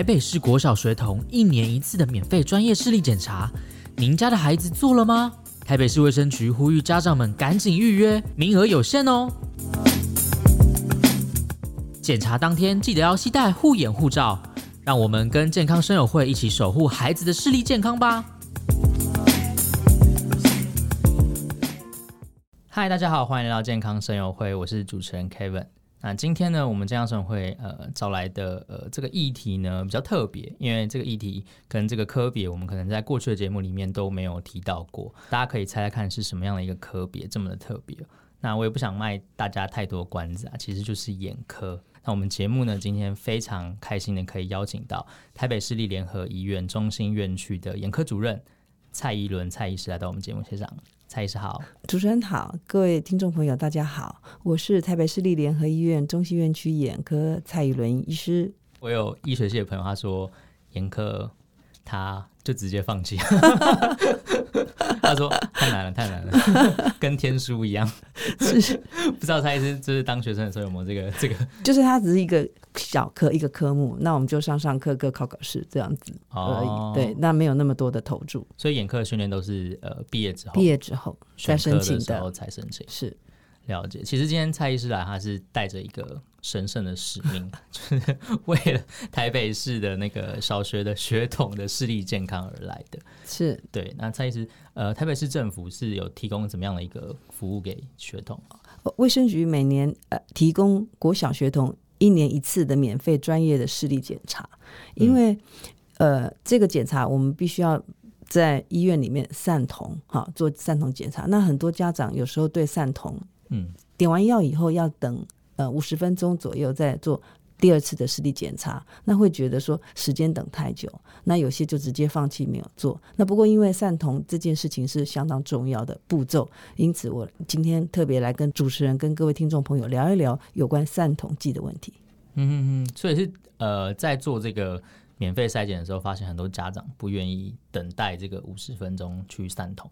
台北市國小學童一年一次的免費專業視力檢查，您家的孩子做了嗎？台北市衛生局呼籲家長們趕緊預約，名額有限哦。啊、檢查當天記得要攜帶護眼護照，讓我們跟健康聲友會一起守護孩子的視力健康吧。嗨、啊，Hi, 大家好，歡迎來到健康聲友會，我是主持人 Kevin。那今天呢，我們健康聲友會呃招來的呃這個議題呢比較特別，因為這個議題跟這個科別，我們可能在過去的節目裡面都沒有提到過，大家可以猜猜看是什麼樣的一個科別這麼的特別。那我也不想賣大家太多關子啊，其實就是眼科。那我們節目呢今天非常開心的可以邀請到台北市立聯合醫院中興院區的眼科主任。蔡宜倫、蔡醫師來到我們節目現場。蔡醫師好。主持人好，各位聽眾朋友大家好，我是台北市立聯合醫院中興院區眼科蔡宜倫醫師。我有醫學系的朋友，他說眼科他。就直接放棄， 他說 太難了，太難了，跟天書一樣。 是 不知道他意思，就是當學生的時候有，沒有這個這個，就是他只是一個小科，一個科目，那我們就上上課，各考考試這樣子而已。哦、對，那沒有那麼多的投注，所以眼科的訓練都是呃畢業之後，畢業之後再申請的，然後才申請是。了解，其實今天蔡醫師來，他是帶着一個神聖的使命， 就是為了台北市的那個小學的學童的視力健康而來的，是，對。那蔡醫師，呃，台北市政府是有提供怎麼樣的一個服務給學童，呃？衛生局每年呃提供國小學童一年一次的免費專業的視力檢查，因為、嗯、呃這個檢查我們必須要在醫院裡面散瞳哈、哦、做散瞳檢查，那很多家長有時候對散瞳。嗯，點完藥以後要等呃五十分鐘左右再做第二次的視力檢查，那會覺得說時間等太久，那有些就直接放棄沒有做。那不過因為散瞳這件事情是相當重要的步驟，因此我今天特別來跟主持人、跟各位聽眾朋友聊一聊有關散瞳劑的問題。嗯嗯嗯，所以是呃在做這個。免費篩檢的時候，發現很多家長不願意等待這個五十分鐘去散瞳。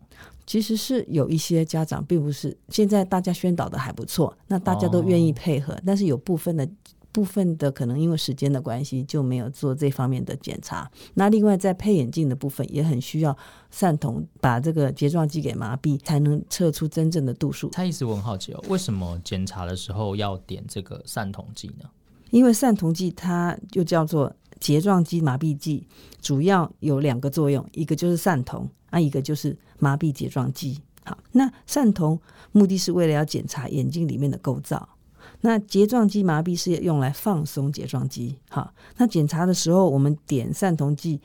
其實是有一些家長並不是現在大家宣導的還不錯，那大家都願意配合，哦、但是有部分的部分的可能因為時間的關係就沒有做這方面的檢查。那另外在配眼鏡的部分也很需要散瞳，把這個睫狀肌給麻痹，才能測出真正的度數。蔡醫師，我很好奇、哦、為什麼檢查的時候要點這個散瞳劑呢？因為散瞳劑它就叫做。睫狀肌麻痹劑主要有兩個作用，一個就是散瞳，啊，一個就是麻痹睫狀肌。好，那散瞳目的是為了要檢查眼睛裡面的構造，那睫狀肌麻痹是用來放鬆睫狀肌。好，那檢查的時候，我們點散瞳劑，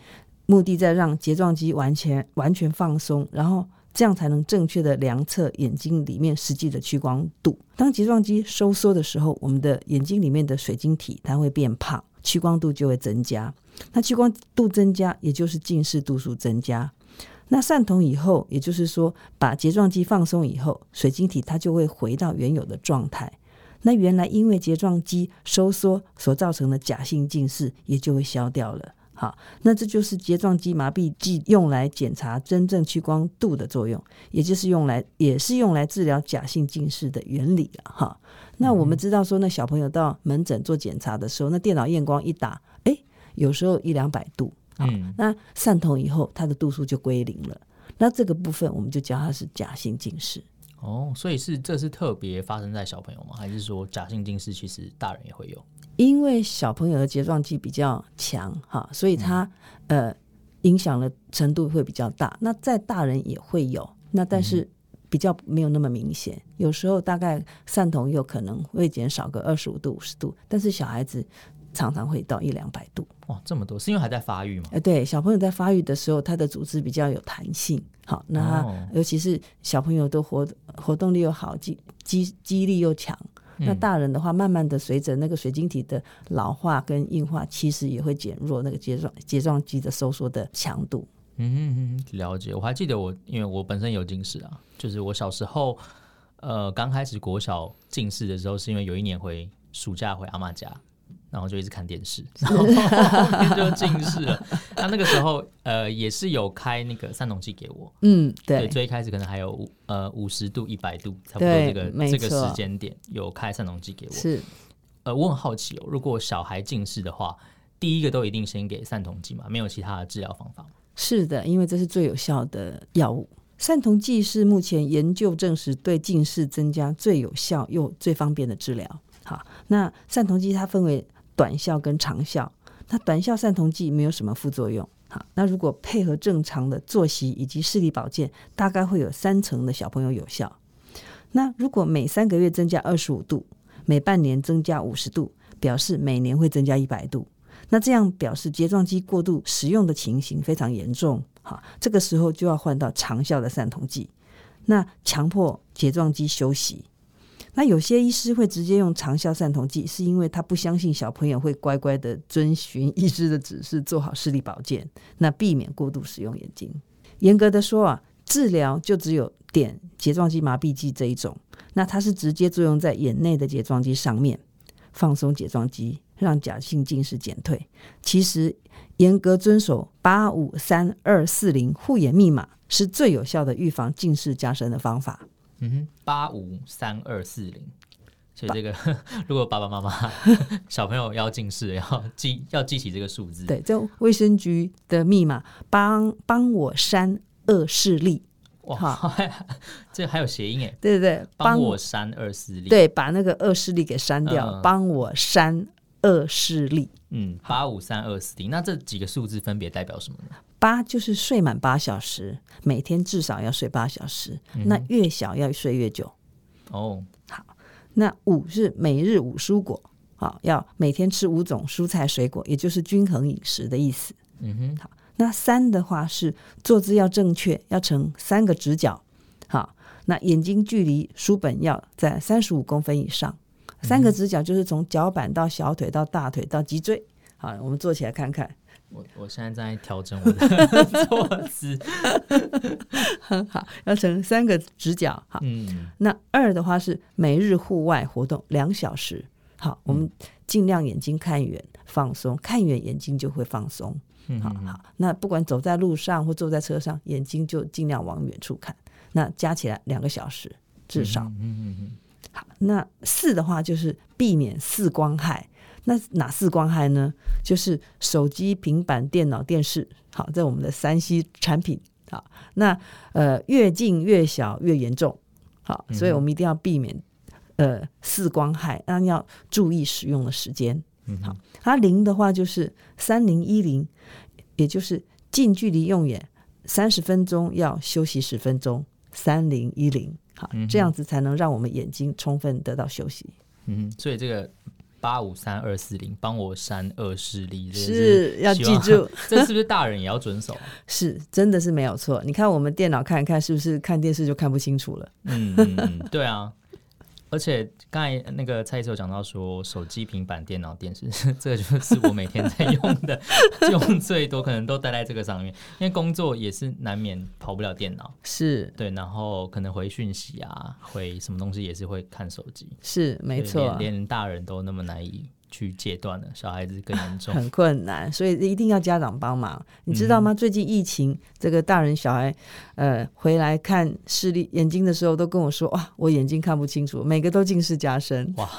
目的在讓睫狀肌完全完全放鬆，然後這樣才能正確的量測眼睛裡面實際的屈光度。當睫狀肌收縮的時候，我們的眼睛裡面的水晶體它會變胖。屈光度就會增加，那屈光度增加，也就是近視度數增加。那散瞳以後，也就是說把睫狀肌放鬆以後，水晶體它就會回到原有的狀態。那原來因為睫狀肌收縮所造成的假性近視，也就會消掉了。啊，那這就是睫狀肌麻痹劑用來檢查真正屈光度的作用，也就是用來也是用來治療假性近視的原理了，啊、哈。那我們知道說，那小朋友到門診做檢查的時候，那電腦驗光一打，哎、欸，有時候一兩百度，嗯、那散瞳以後它的度數就歸零了，那這個部分我們就叫它是假性近視。哦，所以是這是特別發生在小朋友嗎？還是說假性近視其實大人也會有？因為小朋友的睫狀肌比較強哈，所以它、嗯、呃影響的程度會比較大。那在大人也會有，那但是比較沒有那麼明顯。嗯、有時候大概散瞳又可能會減少個二十五度、五十度，但是小孩子常常會到一兩百度。哇，這麼多，是因為還在發育嗎？哎，對，小朋友在發育的時候，他的組織比較有彈性。好，那他尤其是小朋友都活活動力又好，肌肌肌力又強。那大人的話，慢慢的隨着那個水晶體的老化跟硬化，其實也會減弱那個睫狀睫狀肌的收縮的強度。嗯嗯嗯，了解。我還記得我，因為我本身有近視啊，就是我小時候，呃，剛開始國小近視的時候，是因為有一年回暑假回阿媽家。然後就一直看電視，然後後面就近視了。那是 那個時候，呃，也是有開那個散瞳劑給我。嗯，對。對最一開始可能還有五呃五十度一百度，差不多這個這個時間點有開散瞳劑給我。是。呃，我很好奇哦，如果小孩近視的話，第一個都一定先給散瞳劑嘛？沒有其他的治療方法。是的，因為這是最有效的藥物。散瞳劑是目前研究證實對近視增加最有效又最方便的治療。好，那散瞳劑它分為。短效跟長效，那短效散瞳劑沒有什麼副作用，好，那如果配合正常的作息以及視力保健，大概會有三成的小朋友有效。那如果每三個月增加二十五度，每半年增加五十度，表示每年會增加一百度。那這樣表示睫狀肌過度使用的情形非常嚴重，好，這個時候就要換到長效的散瞳劑，那強迫睫狀肌休息。那有些醫師會直接用長效散瞳劑，是因為他不相信小朋友會乖乖的遵循醫師的指示做好視力保健，那避免過度使用眼睛。嚴格的說啊，治療就只有點睫狀肌麻痹劑這一種，那它是直接作用在眼內的睫狀肌上面，放鬆睫狀肌，讓假性近視減退。其實，嚴格遵守八五三二四零護眼密碼是最有效的預防近視加深的方法。嗯哼，八五三二四零。所以這個，把 呵呵如果爸爸媽媽、小朋友要近視， 要記要記起這個數字。對，就衛生局的密碼，幫幫我刪惡勢力。哇，哈這還有諧音哎。對對對，幫我刪惡勢力。對，把那個惡勢力給刪掉，幫、嗯、我刪惡勢力。嗯，八五三二四零。好那這幾個數字分別代表什麼呢？八就是睡滿八小時，每天至少要睡八小時。嗯、哼那越小要睡越久。哦，oh. 好。那五是每日五蔬果，好、哦，要每天吃五種蔬菜水果，也就是均衡飲食的意思。嗯哼。好，那三的話是坐姿要正確，要呈三個直角。好、哦，那眼睛距離書本要在三十五公分以上。嗯、哼三個直角就是從腳板到小腿到大腿到脊椎。好，我們坐起來看看。我我現在在調整我的坐姿，很好，要呈三個直角。好，嗯,嗯，那二的話是每日戶外活動兩小時。好，我們盡量眼睛看遠，放鬆，看遠眼睛就會放鬆。嗯,嗯,嗯好,好，那不管走在路上或坐在車上，眼睛就盡量往遠處看。那加起來兩個小時至少。嗯,嗯嗯嗯。好，那四的話就是避免四光害。那哪四光害呢？就是手機、平板、電腦、電視，好，在我們的三 C 產品，好，那呃，越近越小越嚴重，好，所以我們一定要避免，呃，四光害，那要注意使用的時間，好，嗯、哼它零的話就是三零一零，也就是近距離用眼三十分鐘要休息十分鐘，三零一零，好，嗯、哼這樣子才能讓我們眼睛充分得到休息，嗯哼，所以這個。八五三二四零，幫我三二四零，是，是要記住， 這是不是大人也要遵守？ 是，真的是沒有錯。你看我們電腦看一看，是不是看電視就看不清楚了？ 嗯，對啊。而且剛才那個蔡醫生，有講到說，手機、平板、電腦、電視呵呵，這個就是我每天在用的， 用最多可能都待在這個上面。因為工作也是難免跑不了電腦，是對，然後可能回訊息啊，回什麼東西也是會看手機，是對沒錯連，連大人都那麼難以去戒斷了，小孩子更嚴重，很困難，所以一定要家長幫忙。你知道嗎？嗯，最近疫情，這個大人小孩，呃，回來看視力、眼睛的時候，都跟我說，哇，我眼睛看不清楚，每個都近視加深。哇，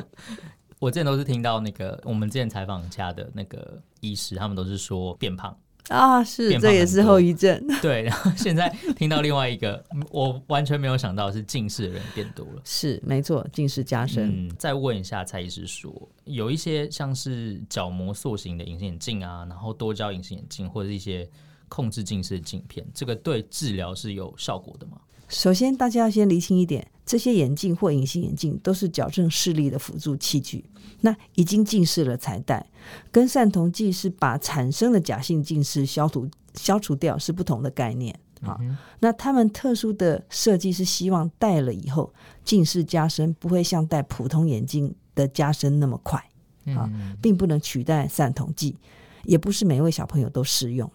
我之前都是聽到那個我們之前採訪家的那個醫師，他們都是說變胖。啊，是，這也是後遺症。對，然後現在聽到另外一個， 我完全沒有想到是近視的人變多了。是，沒錯，近視加深。嗯，再問一下蔡醫師說，說有一些像是角膜塑形的隱形眼鏡啊，然後多焦隱形眼鏡或者一些控制近視的鏡片，這個對治療是有效果的嗎？首先，大家要先釐清一點：這些眼鏡或隱形眼鏡都是矯正視力的輔助器具。那已經近視了才戴，跟散瞳劑是把產生的假性近視消除消除掉是不同的概念，嗯哼啊，那他們特殊的設計是希望戴了以後近視加深不會像戴普通眼鏡的加深那麼快，啊，並不能取代散瞳劑，也不是每一位小朋友都適用。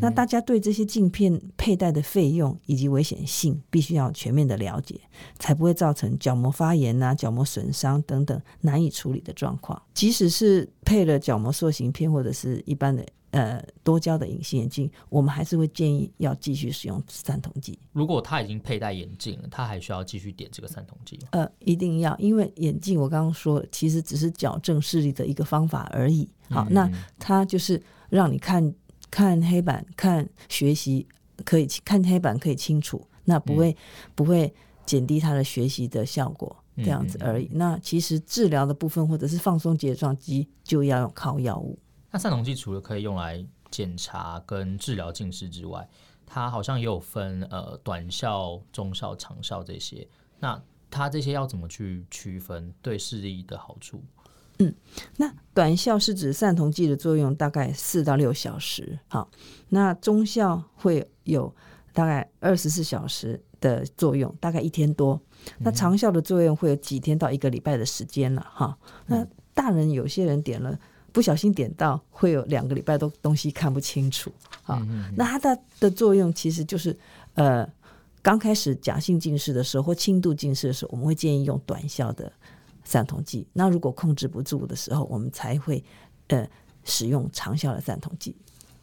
那大家對這些鏡片佩戴的費用以及危險性，必須要全面的了解，才不會造成角膜發炎吶、啊、角膜損傷等等難以處理的狀況。即使是配了角膜塑形片或者是一般的呃多焦的隱形眼鏡，我們還是會建議要繼續使用散瞳劑。如果他已經佩戴眼鏡了，他還需要繼續點這個散瞳劑嗎？呃，一定要，因為眼鏡我剛剛說，其實只是矯正視力的一個方法而已。好，嗯、那他就是讓你看。看黑板，看學習可以看黑板可以清楚，那不會、嗯、不會減低他的學習的效果這樣子而已。嗯嗯、那其實治療的部分或者是放鬆睫狀肌，就要靠藥物。那散瞳劑除了可以用來檢查跟治療近視之外，它好像也有分呃短效、中效、長效這些。那它這些要怎麼去區分對視力的好處？嗯，那短效是指散瞳劑的作用大概四到六小時，哈、哦，那中效會有大概二十四小時的作用，大概一天多。那長效的作用會有幾天到一個禮拜的時間了，哈、哦。那大人有些人點了不小心點到，會有兩個禮拜都東西看不清楚，啊、哦。那它的的作用其實就是，呃，剛開始假性近視的時候或輕度近視的時候，我們會建議用短效的。散瞳劑，那如果控制不住的時候，我們才會呃使用長效的散瞳劑。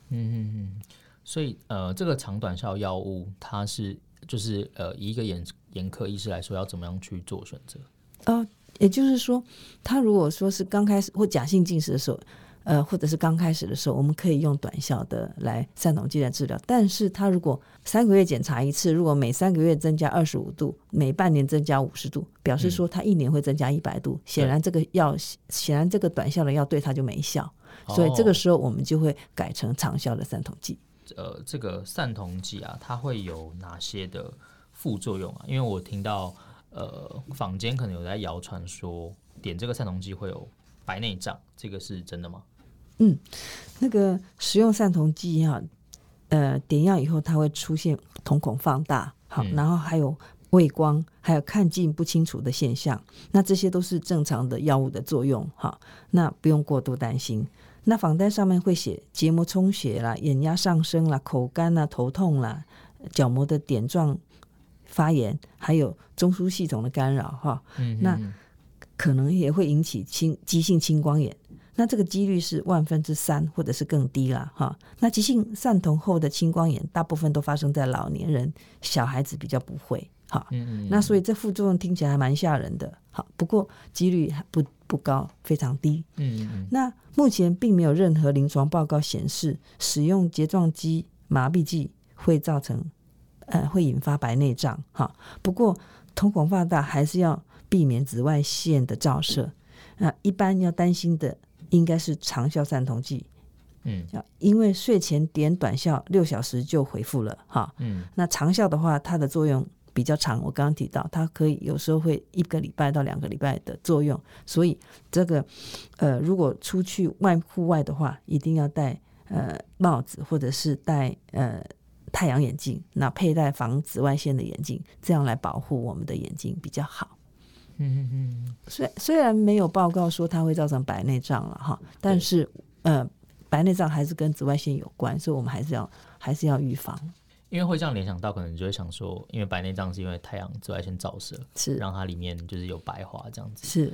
嗯嗯嗯，所以呃，這個長短效藥物，它是就是呃，以一個眼眼科醫師來說，要怎麼樣去做選擇啊？哦，也就是說，他如果說是剛開始或假性近視的時候。呃，或者是剛開始的時候，我們可以用短效的來散瞳劑來治療。但是它如果三個月檢查一次，如果每三個月增加二十五度，每半年增加五十度，表示說它一年會增加一百度。顯、嗯、然這個藥，顯對然這個短效的藥對它就沒效。哦、所以這個時候我們就會改成長效的散瞳劑。呃，這個散瞳劑啊，它會有哪些的副作用啊？因為我聽到呃坊間可能有在謠傳說點這個散瞳劑會有白內障，這個是真的嗎？嗯，那個使用散瞳劑哈、啊，呃，點藥以後它會出現瞳孔放大，好，嗯、然後還有畏光，還有看近不清楚的現象，那這些都是正常的藥物的作用哈，那不用過度擔心。那仿單上面會寫結膜充血啦、眼壓上升啦、口乾啦、啊、頭痛啦、角膜的點狀發炎，還有中樞系統的干擾哈，嗯嗯嗯，那可能也會引起青急性青光眼。那這個幾率是萬分之三，或者是更低啦哈。那急性散瞳後的青光眼，大部分都發生在老年人，小孩子比較不會哈。Yeah, yeah. 那所以這副作用聽起來還蠻嚇人的哈。不過幾率還不不高，非常低。嗯嗯嗯。那目前並沒有任何臨床報告顯示使用睫狀肌麻痹劑會造成呃會引發白內障哈。不過瞳孔放大還是要避免紫外線的照射。Yeah. 那一般要擔心的。應該是長效散瞳劑，嗯，因為睡前點短效，六小時就恢復了，哈，嗯，那長效的話，它的作用比較長。我剛剛提到，它可以有時候會一個禮拜到兩個禮拜的作用。所以這個，呃，如果出去外戶外的話，一定要戴呃帽子或者是戴呃太陽眼鏡，那佩戴防紫外線的眼鏡，這樣來保護我們的眼睛比較好。嗯嗯嗯， 雖雖然沒有報告說它會造成白內障了哈，但是對呃，白內障還是跟紫外線有關，所以我們還是要還是要預防。因為會這樣聯想到，可能就會想說，因為白內障是因為太陽紫外線照射，是讓它裡面就是有白化這樣子，是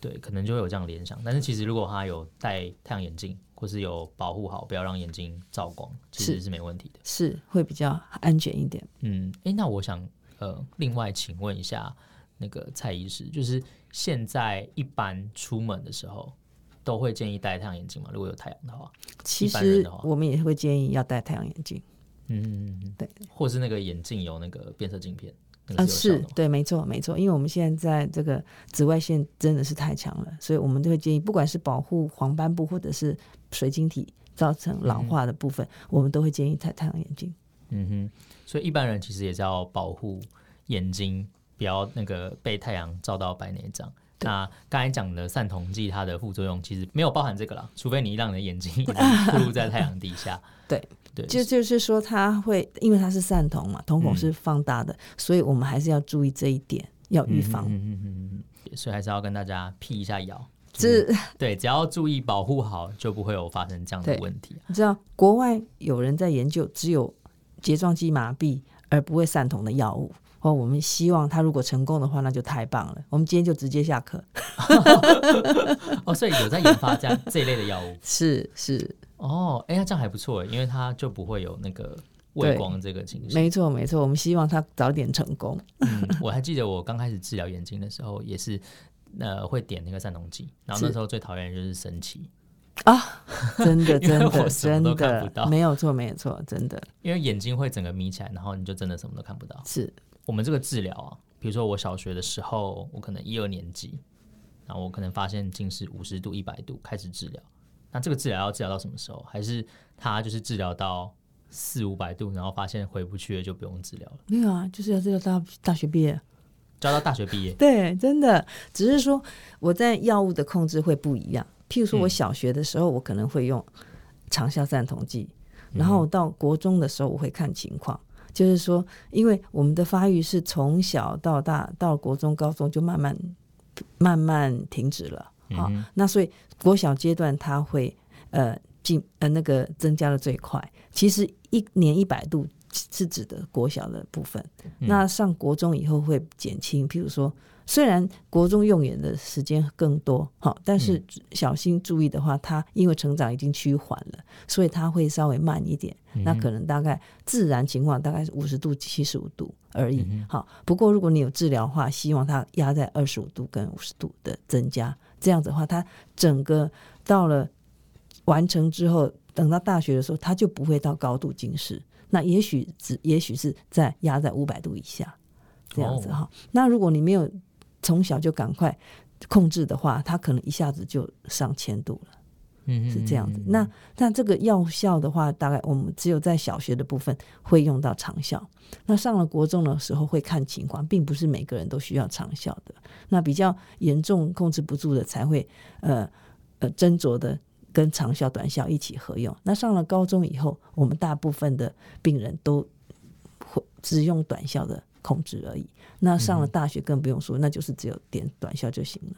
對，可能就會有這樣聯想。但是其實如果它有戴太陽眼鏡，對或是有保護好，不要讓眼睛照光，其實是沒問題的，是，是會比較安全一點。嗯，哎、欸，那我想呃，另外請問一下。那個蔡醫師，就是現在一般出門的時候都會建議戴太陽眼鏡嗎？如果有太陽的話，其實我們也會建議要戴太陽眼鏡。嗯哼嗯哼，對，或是那個眼鏡有那個變色鏡片。嗯、那個啊，是對，沒錯，沒錯，因為我們現在這個紫外線真的是太強了，所以我們都會建議，不管是保護黃斑部或者是水晶體造成老化的部分，嗯哼，我們都會建議戴太陽眼鏡。嗯哼，所以一般人其實也是要保護眼睛。不要那個被太陽照到白內障。對那剛才講的散瞳劑，它的副作用其實沒有包含這個啦，除非你讓你的眼睛暴露在太陽底下。對 對，對就就是說，它會因為它是散瞳嘛，瞳孔是放大的，嗯、所以我們還是要注意這一點，要預防。嗯嗯嗯，所以還是要跟大家闢一下謠。這是對，只要注意保護好，就不會有發生這樣的問題。你知道，國外有人在研究，只有睫狀肌麻痹而不會散瞳的藥物。哦，我們希望他如果成功的話，那就太棒了。我們今天就直接下課。 哦，所以有在研發這樣 這一類的藥物，是是。是哦，哎、欸，那這樣還不錯，因為它就不會有那個畏光這個情形。沒錯沒錯，我們希望他早點成功 、嗯。我還記得我剛開始治療眼睛的時候，也是呃會點那個散瞳劑，然後那時候最討厭的就是神奇。是啊，真的真的 真的，沒有錯沒有錯，真的，因為眼睛會整個眯起來，然後你就真的什麼都看不到。是。我們這個治療啊，比如說我小學的時候，我可能一二年級，那我可能發現近視五十度、一百度，開始治療。那這個治療要治療到什麼時候？還是他就是治療到四五百度，然後發現回不去了，就不用治療了？沒有啊，就是要治療到，到大學畢業，就要到大學畢業。對，真的，只是說我在藥物的控制會不一樣。譬如說我小學的時候，我可能會用長效散瞳劑，嗯、然後到國中的時候，我會看情況。就是說，因為我們的發育是從小到大到國中、高中就慢慢慢慢停止了啊、嗯哼哦。那所以國小階段它會呃進呃那個增加的最快。其實一年一百度是指的國小的部分，嗯、那上國中以後會減輕。譬如說。雖然國中用眼的時間更多，好，但是小心注意的話，它因為成長已經趨緩了，所以它會稍微慢一點。那可能大概自然情況大概是五十度、七十五度而已，好。不過如果你有治療的話，希望它壓在二十五度跟五十度的增加，這樣子的話，它整個到了完成之後，等到大學的時候，它就不會到高度近視。那也許只，也許是在壓在五百度以下這樣子哈。Oh. 那如果你沒有從小就趕快控制的話，他可能一下子就上千度了。嗯，是這樣子。嗯嗯嗯嗯那那這個藥效的話，大概我們只有在小學的部分會用到長效。那上了國中的時候會看情況，並不是每個人都需要長效的。那比較嚴重控制不住的才會呃呃斟酌的跟長效短效一起合用。那上了高中以後，我們大部分的病人都會只用短效的。控制而已。那上了大學更不用說，嗯、那就是只有點短效就行了。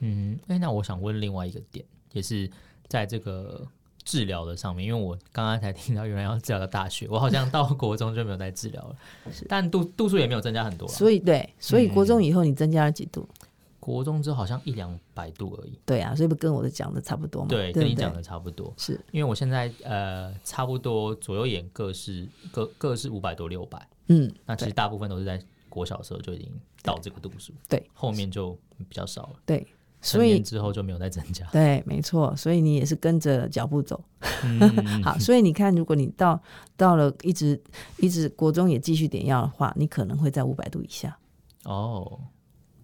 嗯，誒、欸，那我想問另外一個點，也是在這個治療的上面。因為我剛剛才聽到原來要治療到大學，我好像到國中就沒有再治療了， 但度度數也沒有增加很多。所以對，所以國中以後你增加了幾度？嗯國中之後好像一兩百度而已，對啊，所以不跟我的講的差不多嗎？對，對對跟你講的差不多。是因為我現在呃，差不多左右眼各是各各是五百多六百，嗯，那其實大部分都是在國小的時候就已經到這個度數，對，後面就比較少了，對，所以之後就沒有再增加，對，沒錯，所以你也是跟着腳步走，嗯、 好，所以你看，如果你到到了一直一直國中也繼續點藥的話，你可能會在五百度以下，哦。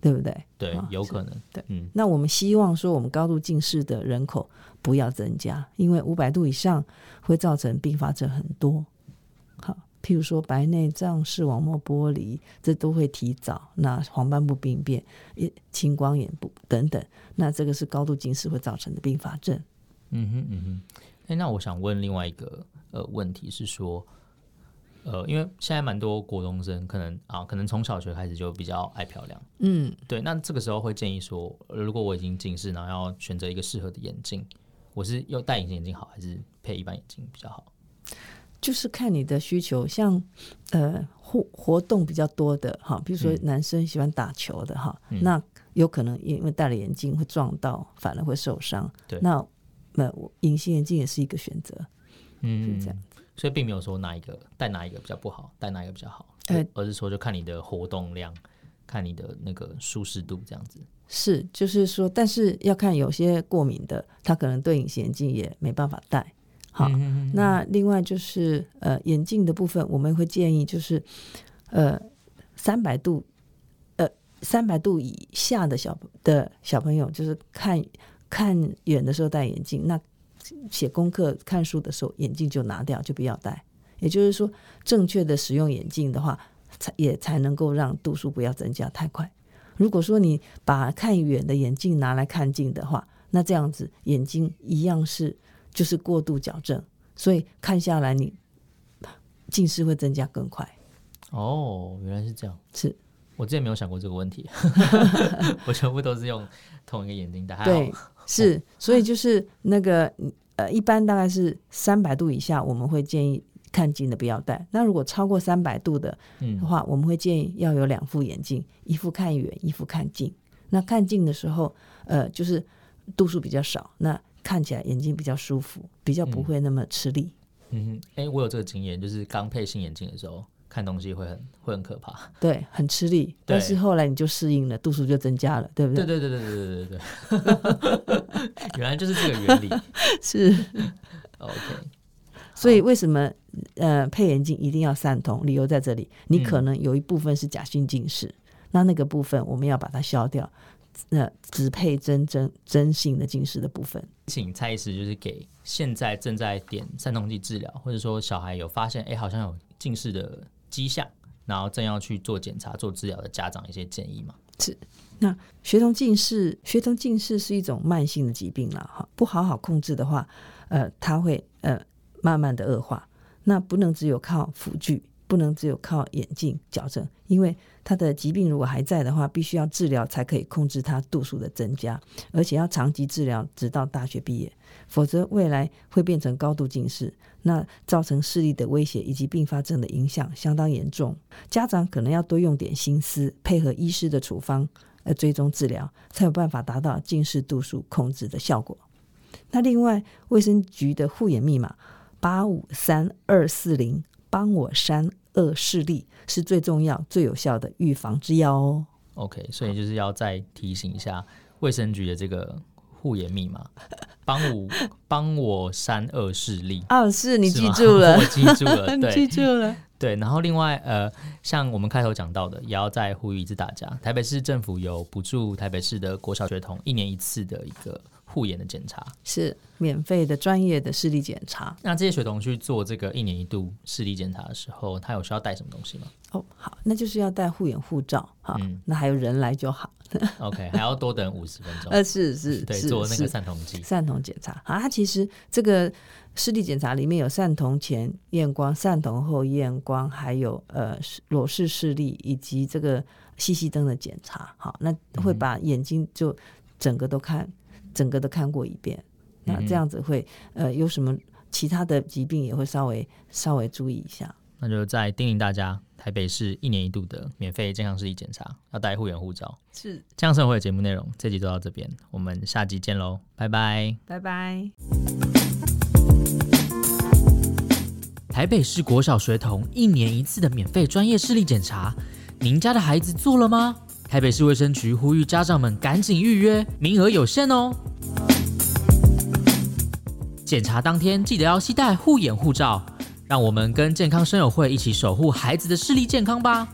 對不對？對，哦、有可能。對，嗯。那我們希望說，我們高度近視的人口不要增加，因為五百度以上會造成併發症很多。好，譬如說白內障、視網膜剝離，這都會提早。那黃斑部病變、青光眼部等等，那這個是高度近視會造成的併發症。嗯哼，嗯哼。哎，那我想問另外一個呃問題是說。呃，因為現在蠻多國中生可能啊，可能從小學開始就比較愛漂亮，嗯，對。那這個時候會建議說，如果我已經近視，然後要選擇一個適合的眼鏡，我是要戴隱形眼鏡好，還是配一般眼鏡比較好？就是看你的需求，像呃活活動比較多的哈，比如說男生喜歡打球的、嗯、哈，那有可能因為戴了眼鏡會撞到，反而會受傷。對，那那隱形眼鏡也是一個選擇，嗯，嗯，是是這樣。所以並沒有說哪一個戴哪一個比較不好，戴哪一個比較好，呃，而是說就看你的活動量，看你的那個舒適度這樣子。是，就是說，但是要看有些過敏的，他可能對隱形眼鏡也沒辦法戴。好，嗯嗯嗯。那另外就是呃眼鏡的部分，我們會建議就是，呃三百度，呃三百度以下的小的小朋友，就是看看遠的時候戴眼鏡那。寫功課、看書的時候，眼鏡就拿掉，就不要戴。也就是說，正確的使用眼鏡的話，才也才能夠讓度數不要增加太快。如果說你把看遠的眼鏡拿來看近的話，那這樣子眼睛一樣是就是過度矯正，所以看下來你近視會增加更快。哦，原來是這樣。是，我之前沒有想過這個問題， 我全部都是用同一個眼鏡戴。 好對。是，嗯、所以就是那個、啊、呃，一般大概是三百度以下，我們會建議看近的不要戴。那如果超過三百度的的話，嗯、我們會建議要有兩副眼鏡，一副看遠，一副看近。那看近的時候，呃，就是度數比較少，那看起來眼睛比較舒服，比較不會那麼吃力。嗯，嗯哼，哎、欸，我有這個經驗，就是剛配新眼鏡的時候。看東西會很會很可怕，對，很吃力。對但是後來你就適應了，度數就增加了，對不對？對對對對對對對對,對 原來就是這個原理。 是 ，OK。所以為什麼好呃配眼鏡一定要散瞳？理由在這裡，你可能有一部分是假性近視，嗯、那那個部分我們要把它消掉，那只配真真真性的近視的部分。請蔡醫師就是給現在正在點散瞳劑治療，或者說小孩有發現，哎、欸，好像有近視的。然後正要去做檢查、做治療的家長一些建議嗎？是，那學童近視，學童近視是一種慢性的疾病了哈，不好好控制的話，呃，他會呃慢慢的惡化，那不能只有靠輔具，不能只有靠眼鏡矯正，因為他的疾病如果還在的話，必須要治療才可以控制他度數的增加，而且要長期治療，直到大學畢業，否則未來會變成高度近視，那造成視力的威脅以及併發症的影響相當嚴重。家長可能要多用點心思，配合醫師的處方來追蹤治療，才有辦法達到近視度數控制的效果。那另外，衛生局的護眼密碼八五三二四零，40，幫我刪。惡勢力是最重要、最有效的預防之藥哦。OK，所以就是要再提醒一下衛好生局的這個護眼密碼，幫我幫 我刪惡勢力。哦、啊，是你記住了，我記住了， 你記住了對。對，然後另外呃，像我們開頭講到的，也要再呼籲一次大家，台北市政府有補助台北市的國小學童一年一次的一個。護眼的檢查是免費的，專業的視力檢查。那這些學童去做這個一年一度視力檢查的時候，他有需要帶什麼東西嗎？哦，好，那就是要帶護眼護照。好，嗯、那還有人來就好。 OK，還要多等五十分鐘。呃、啊，是是，對，是做那個散瞳劑、散瞳檢查啊。它其實這個視力檢查裡面有散瞳前驗光、散瞳後驗光，還有呃裸視視力以及這個細細燈的檢查。好，那會把眼睛就整個都看。嗯整個都看過一遍，那這樣子會、嗯、呃，有什麼其他的疾病也會稍微稍微注意一下。那就再叮嚀大家，台北市一年一度的免費健康視力檢查，要帶護眼護照。是，這樣生活的節目內容這集就到這邊，我們下集見嘍，拜拜，拜拜。台北市國小學童一年一次的免費專業視力檢查，您家的孩子做了嗎？台北市衛生局呼籲家長們趕緊預約，名額有限哦。檢 查當天記得要攜帶護眼護照，讓我們跟健康聲友會一起守護孩子的視力健康吧。